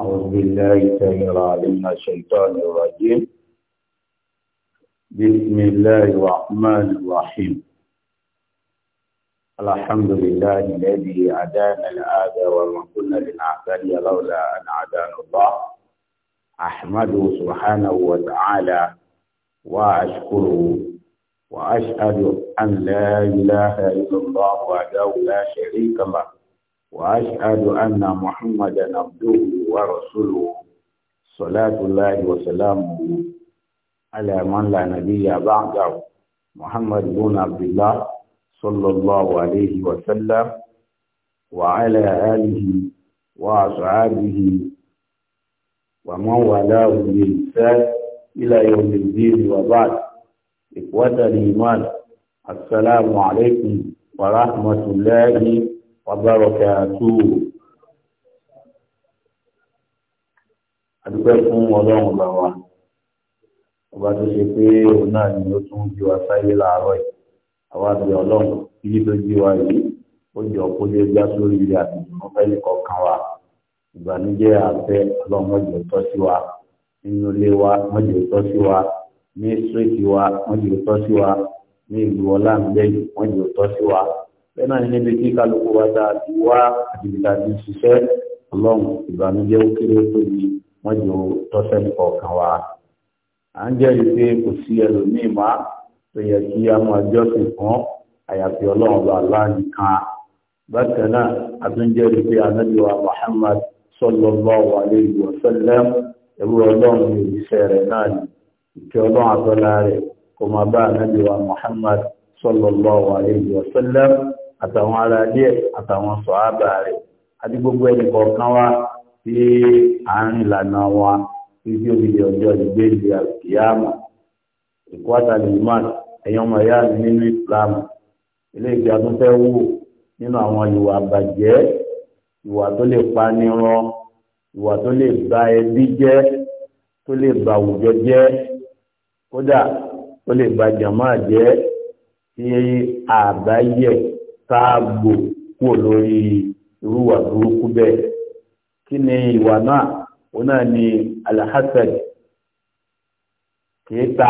أعوذ بالله تعالى من الشيطان الرجيم بسم الله الرحمن الرحيم الحمد لله الذي عدانا الآذى وما كنا لنهتدي لولا أن هدانا الله أحمده سبحانه وتعالى وأشكره وأشهد أن لا إله إلا الله وحده لا شريك له وأشهد أن محمدا عبده ورسوله صلاة الله وسلامه على من لا نبي بعده محمد بن عبد الله صلى الله عليه وسلم وعلى آله وأصحابه ومن والاه بإحسان إلى يوم الدين وبعد إخوة الإيمان السلام عليكم ورحمة الله وبركاته adúpẹ́ fún ọlọ́run ọba wa ọba tó ṣe pé òun náà ni ó tún jí wa sáyé láàárọ̀ yìí àwa àti ọlọ́run ibi tó jí wa yìí ó jọ kó lè gbá sórí ilé àtìmọ́ fẹ́lẹ̀ kọ̀ọ̀kan wa ìbànújẹ́ àfẹ́ ọlọ́run mọ̀jẹ̀ tọ́ sí wa nínú ilé wa mọ̀jẹ̀ tọ́ sí wa ní sírètì wa mọ̀jẹ̀ tọ́ sí wa ní ìlú ọlámídẹ́yìn mọ̀jẹ̀ tọ́ sí wa ẹ̀nà níbi tí kálukú wa dá ti wá àdìgbà ti ṣiṣẹ́ ọlọ́run ìbànújẹ́ ó kéré tóbi wọ́n jò tọ́sẹ̀ kọ̀ọ̀kan wa. à ń jẹ́rìí pé kò sí ẹlòmíì má tó yẹ kí a máa jọ́sìn fún àyàfi ọlọ́run bá láàyè kan. bákan náà a tún jẹ́rìí pé ànábì wa Muhammad sallallahu alayhi wa sallam ẹ̀rú ọlọ́run ní òjíṣẹ́ rẹ̀ náà ni ìkẹ́ ọlọ́run àtọ́lá rẹ̀ kò máa bá ànábì Muhammad sallallahu alayhi wa sallam àtàwọn ará díẹ̀ àtàwọn sọ̀hábà rẹ̀ àti gbogbo ẹnì kọ̀ọ̀kan wá sí àárín ìlànà wọn títí òbíde ọjọ́ ìgbéǹde àkìyàmọ̀ ìkó àtàlẹ̀ imán ẹ̀yàn ọmọ ìyá mi nínú ìsìlámù ilé ìgbà tó fẹ́ wù nínú àwọn ìwà àbàjẹ́ ìwà tó lè pani rán ìwà tó lè ba ẹbí jẹ́ tó lè ba àwùjọ jẹ́ kódà tó lè ba jàmáà jẹ́ tí àbá sáàgbò kúrò lórí irúwà burúkú bẹ́ẹ̀ kí ni ìwà náà òun náà ni alhassan kìí ta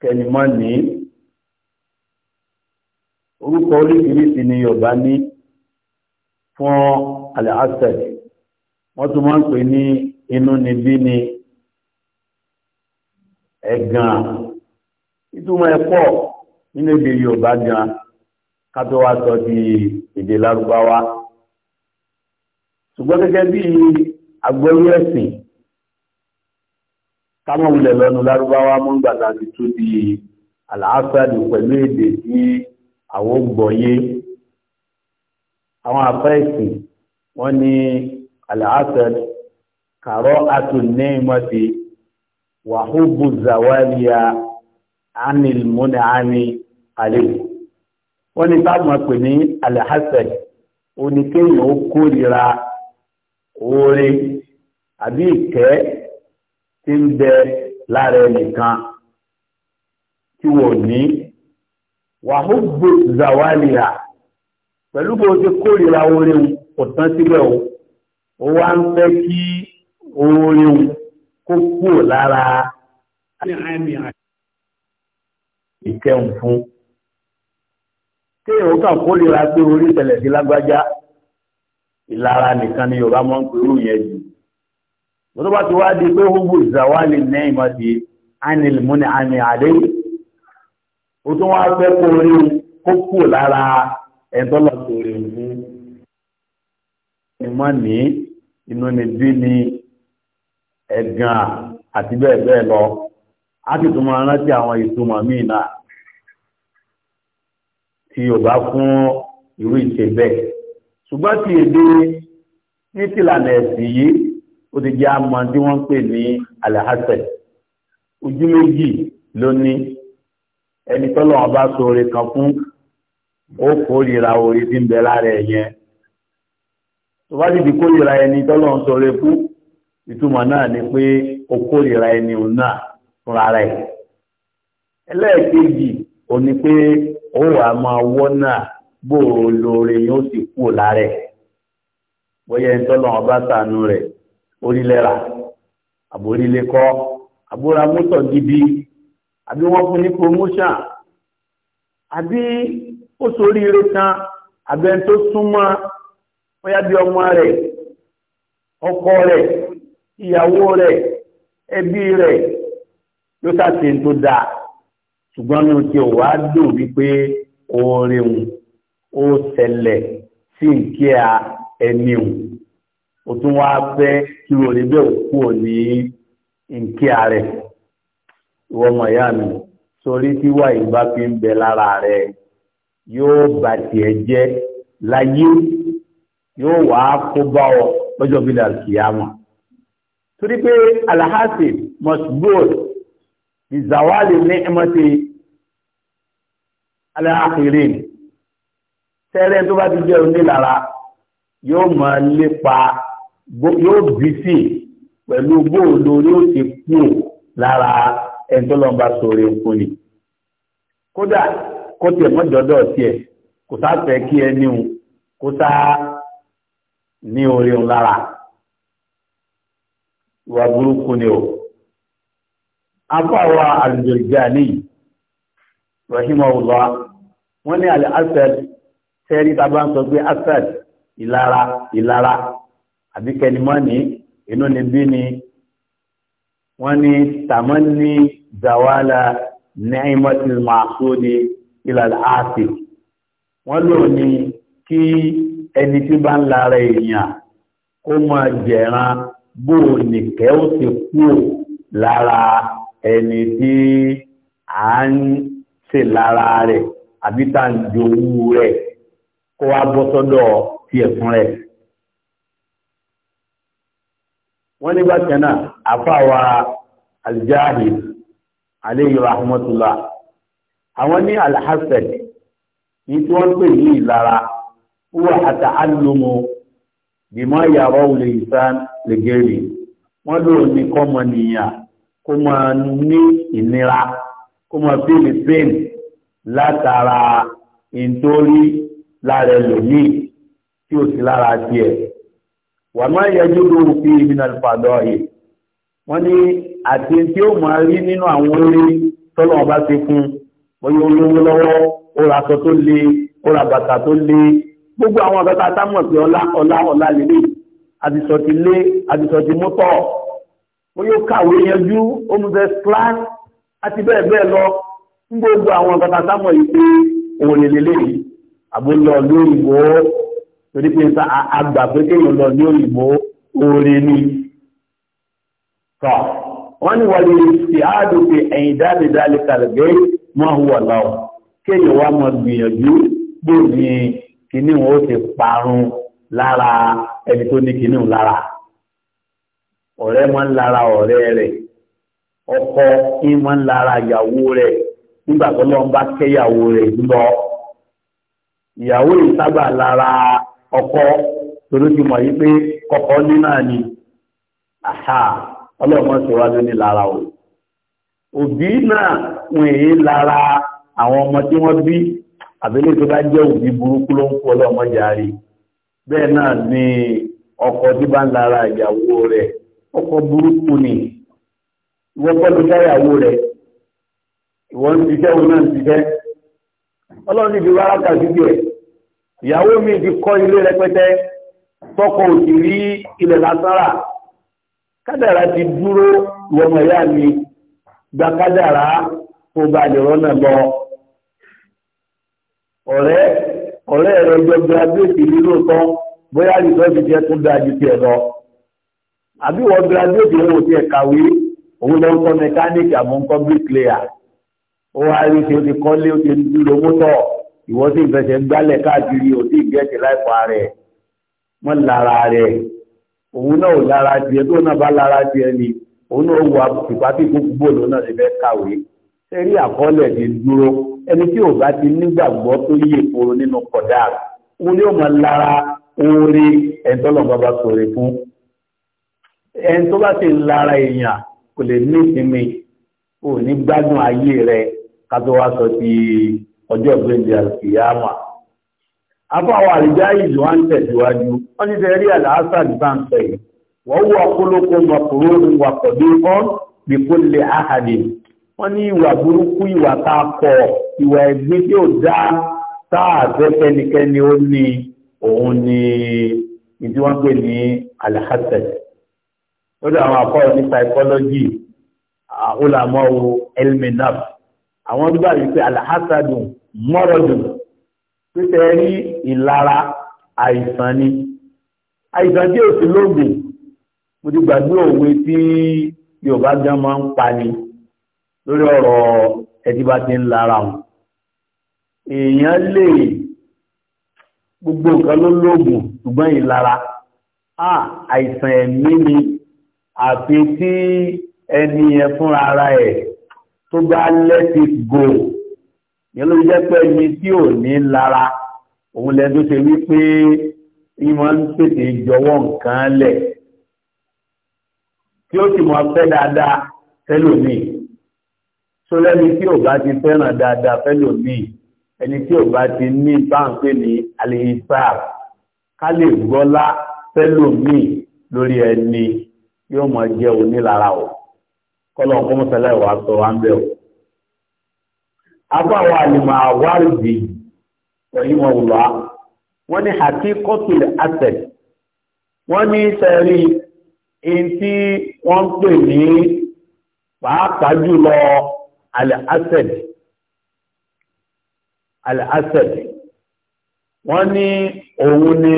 kẹnimọ́ ní orúkọ oríṣiríṣi ni Yorùbá ní fún alhassan wọ́n tún máa ń pè ní inú ni bí ni ẹ̀gàn ìtumọ̀ ẹ̀pọ̀ nínú èdè Yorùbá gan-an kátó wá sọ di èdè lárúbáwá ṣùgbọ́n gẹ́gẹ́ bí agbóyè ẹ̀sìn kámọ̀ wulẹ̀ lọ́nu lárúbáwá mú gbàgbà ti tún di àlàáfíàdì pẹ̀lú èdè tí àwọn gbọ́yé àwọn afẹ́ẹ̀sìn wọ́n ní àlàáfíàdì kàrọ́ àtúnẹ́ìmọ́tì wàhúbù zàwáríà ánì àlèkù wọ́n ní táwọn pè ní alhassan oníkéèyàn ó kórìíra oore àbí ìkẹ́ tí ń bẹ lára ẹnìkan tí wọ́n ní wàhúgbò zawaliha pẹ̀lú bó ti kórìíra oore kò tán síbẹ̀ o ó wá ń fẹ́ kí oore kó kúrò lára ìkẹun fún kéèyàn ó kàn kólera pé orí ìṣẹ̀lẹ̀ sí lágbájá ìlara nìkan ni yorùbá máa ń pè irú yẹn jù bó tó bá ti wá di pé húbù ìzàwálì nẹ́yìn máa ti ánìlì àmì àdé ó tún wá fẹ́ kó orí kó lára ẹ̀ńtọ́ lọ sórí fún ní inú ni bí ni ẹ̀gàn àti bẹ́ẹ̀ bẹ́ẹ̀ lọ á sì tún máa rántí àwọn ìtumọ̀ míì náà tí yóò bá fún irú ìṣe bẹ́ẹ̀ ṣùgbọ́n ti èdè ní tìlànà ẹ̀sìn yìí ó ti jẹ́ àmọ́ tí wọ́n ń pè ní alahassan ojú méjì ló ní ẹni tọ́lọ́ wọn bá so oore kan fún ó kórìíra oore tí ń bẹ lára ẹ̀ yẹn tó bá sì ti kórìíra ẹni tọ́lọ́ ń so oore fún ìtumọ̀ náà ni pé ó kórìíra ẹni òun náà fúnra rẹ̀ ẹlẹ́ẹ̀kejì ò ní pé ó wà máa wọ́nà gbòòrò lóore yóò sì kú lárẹ̀ bóyá ẹni tọ́lọ̀ ọba sànú rẹ̀ orílẹ̀-ra àbórílẹ̀-kọ́ àbúra mọ́tò gidi àbí wọ́n fún ní promotion àbí ó sórí eré kan àbẹ́ni tó súnmọ́ bóyá bí ọmọ rẹ̀ ọkọ rẹ̀ ìyàwó rẹ̀ ẹbí rẹ̀ yóò sàtẹ̀ tó dáa ṣùgbọ́n ní oṣù wa dùn wípé oore òun ó ṣẹlẹ̀ sí nkí a ẹni òun ó tún wá fẹ́ kí oore bẹ́ẹ̀ kú ní nkí a rẹ̀ ìwọ ọmọ ìyá mi sórí tí wà ìbá fi ń bẹ lára rẹ̀ yóò bà tiẹ̀ jẹ́ láyé yóò wá kó bá ọ lọ́jọ́ bí làlùkìyàmọ̀ torí pé alhasib must go bizawali ní ẹmọ́tì aláàkiri tẹ́rẹ́ tó bá ti jẹ́ onílára yóò mọ̀ lépa yóò bí sí pẹ̀lú bóòlù yóò ti kú lára ẹ̀ńtọ́lọ́mbà sọ̀rọ̀ èkó ni kódà kó tiẹ̀ mọ́ dọ́dọ̀ tiẹ̀ kò sá fẹ́ kí ẹ níhun kó sá ní orí òun lára ìwà burúkú ni o afọ àwọn àlùjọ ìjà níyì rahimahullah wọ́n ní àlẹ́ asad tẹ́rí tàbá ń sọ pé asad ìlara ìlara àbí kẹnimọ́ni inú ni bí ni wọ́n ní tàmánì zawala ni'mati al-mahsudi ila al-aasi wọ́n lò ní kí ẹni tí bá ń lara èèyàn kó máa jẹ̀ran bó nìkẹ́ ó ti kú lára ẹni tí à ń ṣe lára rẹ̀ àbí tá à ń jowú rẹ̀ kó wá bọ́ sọ́dọ̀ tiẹ̀ fún rẹ̀. wọ́n ní bákan náà àfàwà aljahid aleyhi rahmatullah àwọn ní alhassad ní tí wọ́n pè ní ìlara wúwà àtà alùmọ̀ bímọ yàrá òlè ìsán lẹ́gẹ̀rì wọ́n lò ní kọ́mọnìyàn kó máa ní ìnira kó máa fíìlì pain látara ìntorí lára ẹlòmíì tí ò sí lára tiẹ̀ wà má yẹjú lóru fi ìbínà fàdọ̀ yìí wọ́n ní àti tí ó máa rí nínú àwọn orí tọ́lọ̀ ọba ti fún bóyá olówó lọ́wọ́ ó ra aṣọ tó le ó ra bàtà tó le gbogbo àwọn ọ̀gá tá mọ̀ pé ọlá ọlá ọlá lélẹ̀ àdìsọ̀ ti lé àdìsọ̀ ti mú tọ̀ bóyá kàwé yanjú ó mú bẹ́ẹ̀ class àti bẹ́ẹ̀ bẹ́ẹ̀ lọ ń gbogbo àwọn kàtà sámọ̀ ìpé òun lè lélẹ́yìí àbúlọ lóyìnbó torí pé sa àgbà pé lọ ní òyìnbó oore ni tọ́ wọ́n ní wọ́n lè fi áàdù pé ẹ̀yìn dáàbì dáàlì kàrẹ̀gẹ́ mọ́ hùwà láwọ̀ kéèyàn wá mọ́ gbìyànjú gbòòrì kìíní wọn ó ti parun lára ẹni tó ní kìíní lára ọ̀rẹ́ máa ń lára ọ̀rẹ́ rẹ̀ ọkọ ń máa ń lára ìyàwó rẹ̀ nígbà tó lọ́n bá kẹ́yàwó rẹ̀ lọ ìyàwó yìí sábà lára ọkọ torí ti mọ̀ yí pé kọ̀kọ́ ní náà ni àhà ọlọ́run ṣe wá lóní lára o òbí náà wọn èyí lára àwọn ọmọ tí wọ́n bí àbílẹ̀ tó bá jẹ́ òbí burúkú ló ń kó ọlọ́run jàre bẹ́ẹ̀ náà ni ọkọ tí bá ń lára ìyàwó rẹ̀ ọkọ burúkú ni wọ́n pẹ́ lójáyàwó rẹ̀ ìwọ ń ṣiṣẹ́ òun náà ń ṣiṣẹ́ ọlọ́run ti fi wá rákà síbi ẹ̀ ìyàwó mi ti kọ́ ilé rẹpẹtẹ tọkọ òsì rí ilẹ̀ lásánrà kádàrá ti dúró ìwọ̀n ẹ̀yà mi gba kádàrá tó bá lè rọ́nà lọ ọ̀rẹ́ ọ̀rẹ́ rẹ̀ gbẹgbẹ abéèkì ní lóòótọ́ bóyá rìsọ́ọ̀tì tiẹ̀ tún dáa ju tiẹ̀ lọ àbí wọ́n gbẹ abéèkì wọn ò tiẹ̀ kàwé òun lọ ń kọ́ mẹkáníìkì àmọ́ ń kọ́ bíríkìlẹ́yà ó wá rí ṣe ó ti kọ́lé ó ti dúró mọ́tọ̀ ìwọ sì fẹsẹ̀ gbálẹ̀ káàkiri ò sì gẹ̀ẹ́sì láìpọ̀ rẹ̀ mọ́ lára rẹ̀ òun náà ò lára tiẹ̀ tó náà bá lára tiẹ̀ ni òun náà wà tìpátì kúkú bòló náà ti fẹ́ kàwé ṣé rí àkọọ́lẹ̀ ti dúró ẹni tí ò bá ti nígbàgbọ́ tó yẹ koro nínú kọ̀dá òun ni ó mọ lára oore ẹni tó lọ́n bàbá sọ̀rọ̀ fún ẹni tó bá ti lára èèyàn kò lè ní ìsinmi kò ní gbádùn ayé rẹ̀ kátó wá sọ ti ọjọ́ ìgbéǹde àkìyàmà afáwọn àríjá ìlú wa ń tẹ̀síwájú wọ́n ní tẹ́rí àlàáfà nípa ń sọ yìí wọ́n wọ ọkọlọ́kọ mọ̀kúrò wà pọ̀dé ọ́n bí kò lè áhàdè wọ́n ní ìwà burúkú ìwà tá kọ̀ ìwà ẹ̀gbin tí ó dá tá fẹ́ kẹ́nikẹ́ni ó ní òun ní ìdí wọ́n pè ní alhassan lọ́dọ̀ àwọn akọ́ ní psychology àwọn àmọ́ elmenaf àwọn tó bá rí pé alhassadun mọ́rọ̀dùn pípẹ́ rí ìlara àìsàn ni àìsàn tí ò sí lóògùn mo ti gbàgbé òwe tí yorùbá gan máa ń pa ni lórí ọ̀rọ̀ ẹtí bá ti ń lara wọn èèyàn lè gbogbo nǹkan ló lóògùn ṣùgbọ́n ìlara àìsàn ẹ̀mí ni àfi tí ẹni yẹn fúnra ara ẹ̀ tó bá let it go yẹn ló jẹ́ pé ẹni tí ò ní lára òun lẹ́nu tó ṣe wípé ìmọ̀ ń tètè jọ̀wọ́ nǹkan lẹ̀ tí ó sì mọ̀ fẹ́ dáadáa fẹ́lòmíì tó lẹ́ni tí ò bá ti fẹ́ràn dáadáa fẹ́lòmíì ẹni tí ò bá ti ní báńpé ní alihifar ká lè gbọ́lá fẹ́lòmíì lórí ẹni yóò mọ̀ jẹ́ onílára o kọ́lọ̀ ọ̀kọ́ mọ́sálẹ̀ wà sọ wá ń bẹ̀ o. afọ àwọn àlùmọ̀ àwárìdì wọ̀nyí wọn wùlọ́ wọ́n ní àti kọ́tùlẹ̀ àtẹ̀ wọ́n ní sẹ́rí in tí wọ́n ń pè ní pàápàá jùlọ àlẹ́ àtẹ̀ àlẹ́ àtẹ̀ wọ́n ní òun ni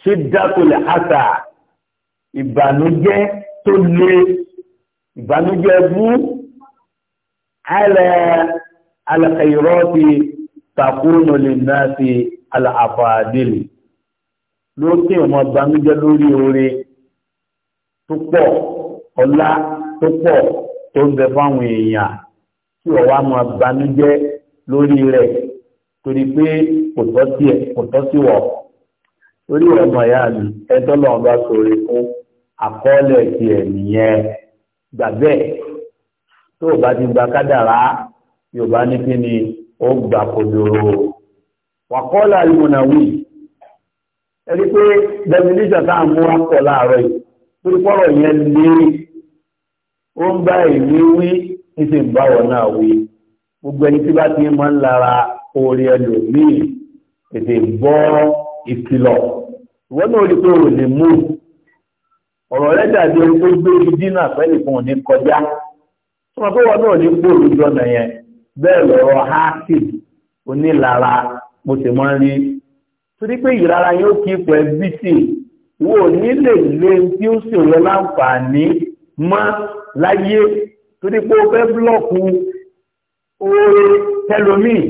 ṣídàtùlẹ̀ àtà ìbànújẹ́ tó lé ìbànújẹ́ bú alẹ́ alẹ́kẹ̀yọ́rọ́ ti takúnù lè náà ti alàfàdìlì lókè ọmọ ìbànújẹ́ lórí oore tó pọ̀ ọlá tó pọ̀ tó ń bẹ fáwọn èèyàn tí wọ́n wá máa banújẹ́ lórí rẹ̀ torí pé kò tọ́ sí wọ̀ torí ọmọ ìyá mi ẹjọ́ lọ́wọ́ bá sọ̀rọ̀ fún àkọọ́lẹ̀ tiẹ̀ nìyẹn gbà tó o bá ti gba kádàrá yorùbá ní kí ni ó gbà kodoro wàkọ́ọ́lẹ̀ alimunawi ẹni pé definition tá à ń mú akọ láàárọ̀ yìí torí pọ́rọ̀ yẹn lé ó ń bá ìwé wí ní sì ń bá wọn náà wí gbogbo ẹni tí bá ti máa ń lara orí ẹlòmíì tètè gbọ́ ìkìlọ̀ ìwọ náà rí pé o lè mú ọ̀rọ̀ rẹ̀ dàbí ẹni tó gbé ibi dínà pẹ́lú fún òní kọjá tó máa tó wọn náà ní gbòòrò jọ̀nà yẹn bẹ́ẹ̀ lọ́rọ̀ hákìd onílara mo sì máa ń rí torí pé ìrara yẹn ó kí ipò ẹbí sí wo ní lè lé tí ó sì rẹ láǹfààní mọ́ láyé torí pé ó fẹ́ búlọ́ọ̀kù oore tẹlómìn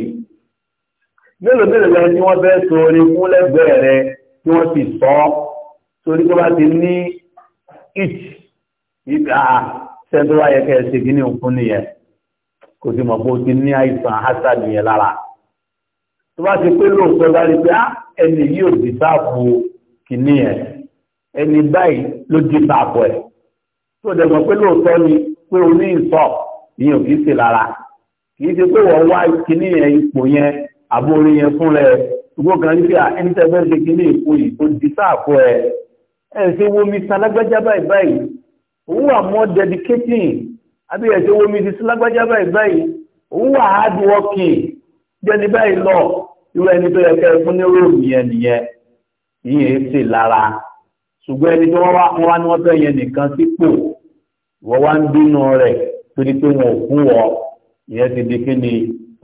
mélòó mélòó lẹ́yìn tí wọ́n fẹ́ sọ orin fún lẹ́gbẹ̀ẹ́ rẹ tí wọ́n sì sọ torí tó bá ti ní it ìgbà sẹ́ńtọ́ wáyé kẹ́ ẹ ṣe kí ní òkun nìyẹn kò sí mọ̀ pé o ti ní àìsàn hasad yẹn lára tó bá ti pé lóòótọ́ bá rí pé á ah, ẹni yìí ò di sáàpù kìíní yẹn ẹni báyìí ló di sáàpù ẹ̀ tó dẹ̀ mọ̀ pé lóòótọ́ ni pé o ní ìsọ̀ ìyẹn ò kìí ṣe lára kìí ṣe pé wọ́n wá kìíní yẹn ipò yẹn àbórí yẹn fún rẹ̀ ṣùgbọ́n kan ní pé ah, ẹni tẹ́ fẹ́ ṣe kìíní ipò yìí ó di sáàpù ẹ̀ ẹ̀sẹ̀ wo mr lágbájá báyìí báyìí òun wà more dedicating àbí ẹ̀sẹ̀ wo mrs lágbájá báyìí báyìí òun wà hard working jẹ́ni báyìí lọ irú ẹni tó yẹ kẹ́ ẹ fún ní róòmù yẹn nìyẹn ìyẹn sì lára ṣùgbọ́n ẹni tó wọ́n wá ní wọ́n fẹ́ yẹn nìkan sípò wọ́n wá ń bínú rẹ̀ torí pé wọn ò fún wọ ìyẹn ti di kí ni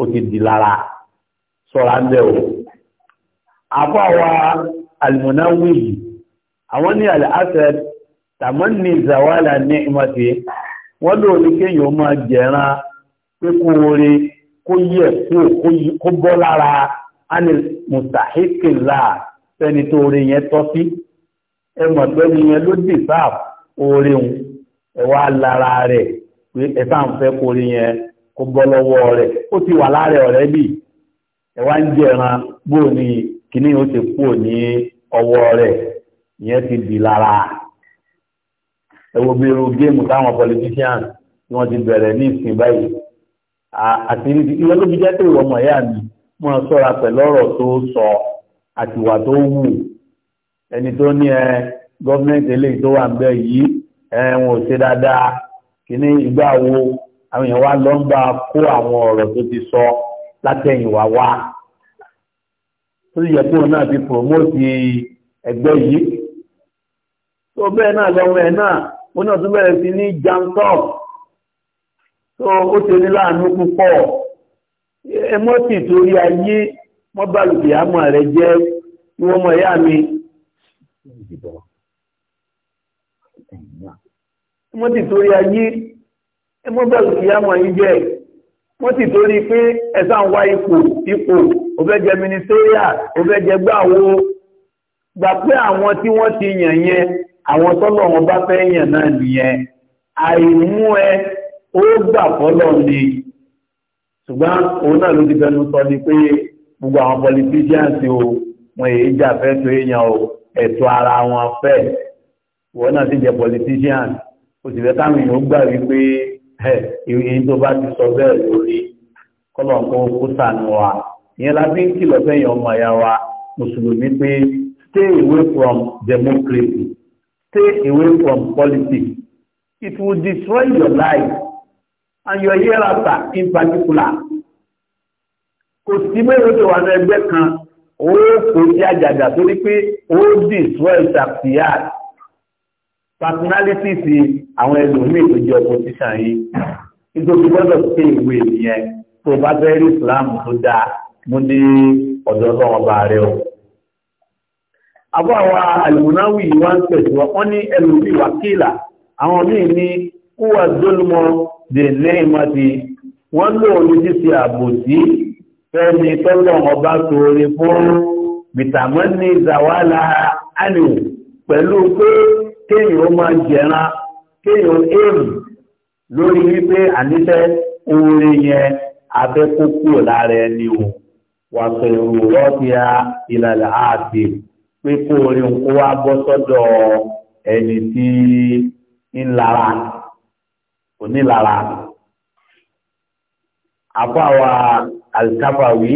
ó ti di lára sọ̀rọ̀ ń bẹ̀ o. àbọ̀ wa àlùmọ́nà wíyì àwọn ní àlàáfẹ́ tàmọ́n ní ìzàwálà ní ìmọ̀tí wọ́n lò ní kéyìn ó máa jẹran pé kó orí kó yẹ kó bọ́ lára anil mustahikila fẹ́ni tó orí yẹn tọ́ sí ẹmọ̀ pẹ́ni yẹn ló dì sáà orí hun ẹwà lára rẹ̀ pé ẹ̀fà ń fẹ́ kó orí yẹn kó bọ́ lọ́wọ́ rẹ̀ ó ti wà lára ọ̀rẹ́ bì ẹwà ń jẹran bóò ní kíní ó ti kú ní ọwọ́ rẹ̀ ìyẹn ti di lára ẹ wo bí irú géèmù táwọn politician tí wọ́n ti bẹ̀rẹ̀ ní ìsìn báyìí àti ní ìwé ló fi jẹ́ pé ìwọ ọmọ ìyá mi mo ṣọ́ra pẹ̀lú ọ̀rọ̀ tó sọ àtiwà tó wù ẹni tó ní ẹ gọ́ọ̀mẹ́ntì eléyìí tó wà ń bẹ yìí ẹ wọn ò ṣe dáadáa kíní ìgbà wo àwọn èèyàn wá lọ ń bá kó àwọn ọ̀rọ̀ tó ti sọ látẹ̀yìnwá wá tó yẹ kó náà ti promote ẹgbẹ́ yìí tó bẹ́ẹ̀ náà lọ́wọ́ ẹ̀ náà ó náà tún bẹ̀rẹ̀ sí ní jantọ́ tó ó ti ní láàánú púpọ̀ ẹmọ́tì torí ayé wọ́n bá lùdì àmọ́ rẹ̀ jẹ́ kí wọ́n mọ ìyá mi ẹmọ́tì torí ayé ẹmọ́ bá lùdì àmọ́ yìí jẹ́ wọ́n ti torí pé ẹ̀sán wá ipò ipò òfẹ́jẹ ministerial òfẹ́jẹ gbáwo gbà pé àwọn tí wọ́n ti yàn àwọn tọ́lọ̀ wọn bá fẹ́ yàn náà nìyẹn àìmú ẹ ó gbà fọ́lọ̀ ni ṣùgbọ́n òun náà ló ti fẹnu sọ ni pé gbogbo àwọn politicians o wọn èyí jà fẹ́ tó èèyàn o ẹ̀tọ́ ara wọn fẹ́ wọn náà ti jẹ́ politicians o sì fẹ́ táwọn èèyàn gbà wípé ìròyìn tó bá ti sọ bẹ́ẹ̀ lórí kọ́lọ̀ kó kó sànù wa ìyẹn la fi ń kìlọ̀ fẹ́yìn ọmọ ẹ̀yà wa mùsùlùmí pé stay away from democracy Stay away from politics. It will destroy your life and your hereafter in particular. Kò sí mẹ́rin tó wà ní ẹgbẹ́ kan, ó kò sí àjàgà tó ní pé ó destroy shakhsiyat personalities àwọn ẹlòmíì tó jẹ́ opposition yìí. Nítorí gbọ́dọ̀ pé ìwé ìyẹn tó bá fẹ́ rí Islam tó dáa, mo ní ọ̀dọ́ ọlọ́run ọba rẹ̀ o àbọ̀ àwọn alìmọ̀náwì wá ń pẹ̀sù wọ́n ní ẹlù bí wàkílà àwọn míì ní kúwà dólmọ́ dè lẹ́ìmọ́ti wọ́n lò ní títí àbòsí fẹ́ni tọ́lọ̀ ọba sóore fún bìtàmọ́ zawala ánì pẹ̀lú pé kéèyàn ó máa jẹran kéèyàn èrù lórí wípé àníṣẹ́ oore yẹn abẹ́kókò lára ẹni o wàtò rọ́ọ̀tì ìlàlẹ̀ ààbò pé kó orin òǹkó wá bọ́ sọ́dọ̀ ẹni tí ń lara kò ní lara àfáwà alkafawi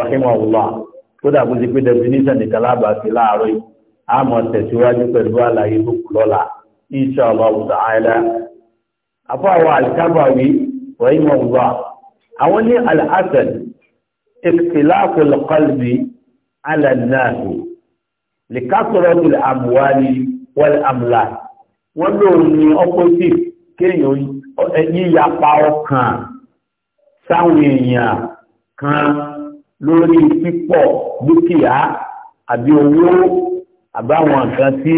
rahimahullah tó dàbí sí pé definition nìkan lábàáfi láàárọ̀ yìí a mọ̀ tẹ̀síwájú pẹ̀lú àlàyé tó kù lọ́la insha Allah ta'ala àfáwà alkafawi rahimahullah àwọn ní al-asal ikhtilafu al-qalbi ala lè ká sọ̀rọ̀ tó lè àmùwá ni wọ́n lè àmùlà wọ́n lòun ní opposite kéèyàn yíyapa ọkàn sáwọn èèyàn kan lórí pípọ̀ dúkìá àbí owó àbáwọn nǹkan tí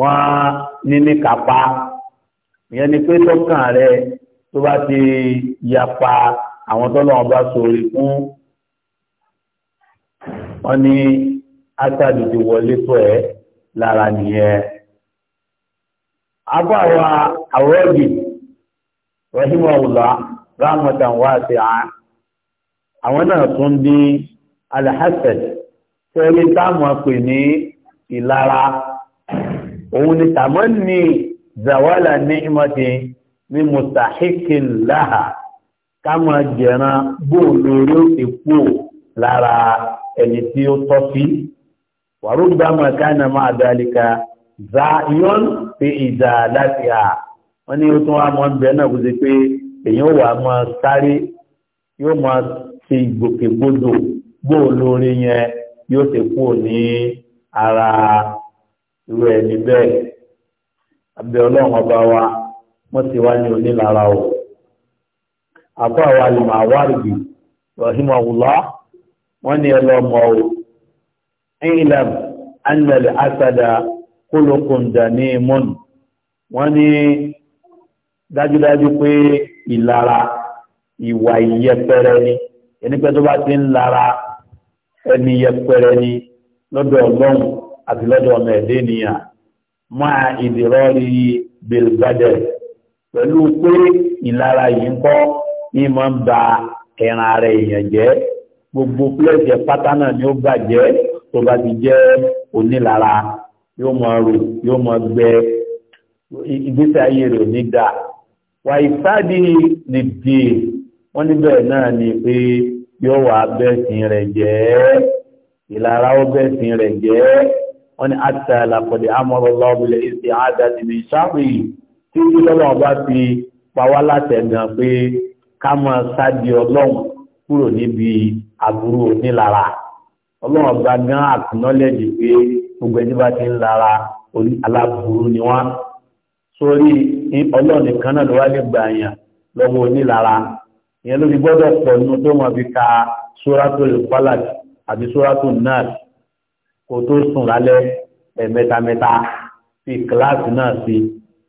wọ́n ní kápá ìyẹn ni pé tọ́kàn rẹ tó bá ti yapa àwọn tọ́lọ́wọ́n bá sọ̀rọ̀ fún wọn ni asadu ti wọlé tó ẹ lára nìyẹn abọ́ àwa àwọ́dì rahimahullah rahmatan wasi'a àwọn náà tún ní alhassan tẹ́lẹ̀ táwọn pè ní ìlara òun ni tàmọ́ ní zawala ni'mati ní mustahikin láha káwọn jẹran bóòlórí òsèpò lára ẹni tí ó tọ́ sí wàrúgbàmọ̀ káàna máa dálíka za yọ́n fi ìjà láti à wọ́n ní ó tún wá mọ́ bẹ́ẹ̀ náà kó ṣe pé èèyàn wà máa sáré yóò máa ṣe ìgbòkègbodò gbóò lórí yẹn yóò ṣe kúrò ní ara irú ẹni bẹ́ẹ̀ abẹ́ ọlọ́run ọba wa wọ́n ti wá ní onílára o àbọ̀ àwa lè máa wárìbì rahimahullah wọ́n ní ẹ lọ́mọ o ìlàm annal asada kólókùn danimun wọ́n ní dájúdájú pé ìlara ìwà ìyẹpẹrẹ ni ẹnipẹ́ tó bá ti ń lara ẹni yẹpẹrẹ ni lọ́dọ̀ ọlọ́run àti lọ́dọ̀ ọmọ ẹ̀dẹ́ ènìyàn máa ìdìrọ́rí bilbader pẹ̀lú pé ìlara yìí ń kọ́ ní máa ń ba ẹran ara èèyàn jẹ́ gbogbo pílẹ̀jẹ̀ pátá náà ni ó bàjẹ́ tó bá ti jẹ́ onílara yóò máa rò yóò máa gbẹ ìgbésẹ̀ ayé rẹ̀ ò ní dáa wà ìsáàdì lè dè wọ́n níbẹ̀ náà ni pé yóò wà bẹ́ẹ̀sìn rẹ̀ jẹ́ ìlara ó bẹ́ẹ̀sìn rẹ̀ jẹ́ wọ́n ní àtà àlàkọ̀dẹ̀ amọ̀rọ̀lọ́bìlẹ̀ ìsì àádàtì ní sáàpì tí kí lọ́lọ́wọ́ bá fi pawá látẹ̀gàn pé ká máa sáàdì ọlọ́run kúrò níbi àbúrò nílara ọlọ́run ọba gan àkùnọ́lẹ́jì pé gbogbo ẹni bá ti ń lara aláburú ni wọ́n sórí ọlọ́run nìkan náà ló wá lè gbà yàn lọ́wọ́ onílara ìyẹn ló fi gbọ́dọ̀ pọ̀ nínú tó wọn fi ka sóràtò falak àti sóràtò nas kó tó sùn lálẹ́ ẹ̀mẹ́tamẹ́ta fi kíláàsì náà sí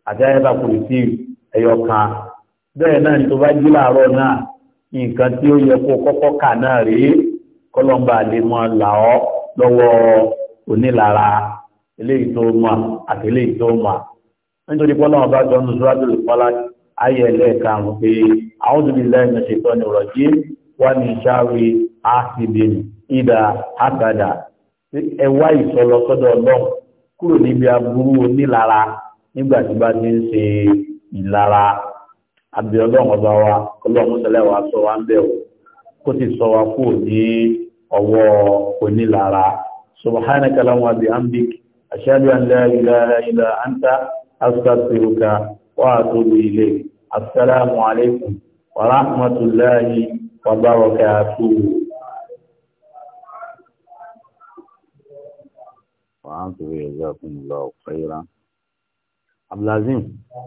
àti ayẹta kùrìtì ẹ̀yọ kan bẹ́ẹ̀ náà ni tó bá jí láàárọ̀ náà nǹkan tí ó yẹ kó kọ́kọ́ kà náà rèé kọ́lọ́mbà lè mọ́ là ọ́ lọ́wọ́ onílara eléyìí tó mọ̀ àti eléyìí tó mọ̀ nítorí kọ́lọ́mbà bá jọ nùsùlá tó lè pọ́lá ayé ẹlẹ́ẹ̀karùn-ún pé àwọn òbí lẹ́yìn ṣètò ní ọ̀rọ̀ jí wà ní ìṣàwé àṣìbìn ìdá àkàdà ẹwà ìsọlọ sọ́dọ̀ Ọlọ́run kúrò níbi aburú onílara nígbà tí bá ti ń ṣe ìlara àbí Ọlọ́run ọba wa Ọlọ́run sọlẹ wa sọ wa ń bẹ o kó sì sọ wa kúrò ní ọwọ́ onílara subhanaka wa bihamdik ashhadu an la ilaha illa anta astaghfiruka wa atubu ilayk assalamu alaykum wa rahmatullahi wa barakatuh وعنده جزاكم الله خيرا عبد العزيز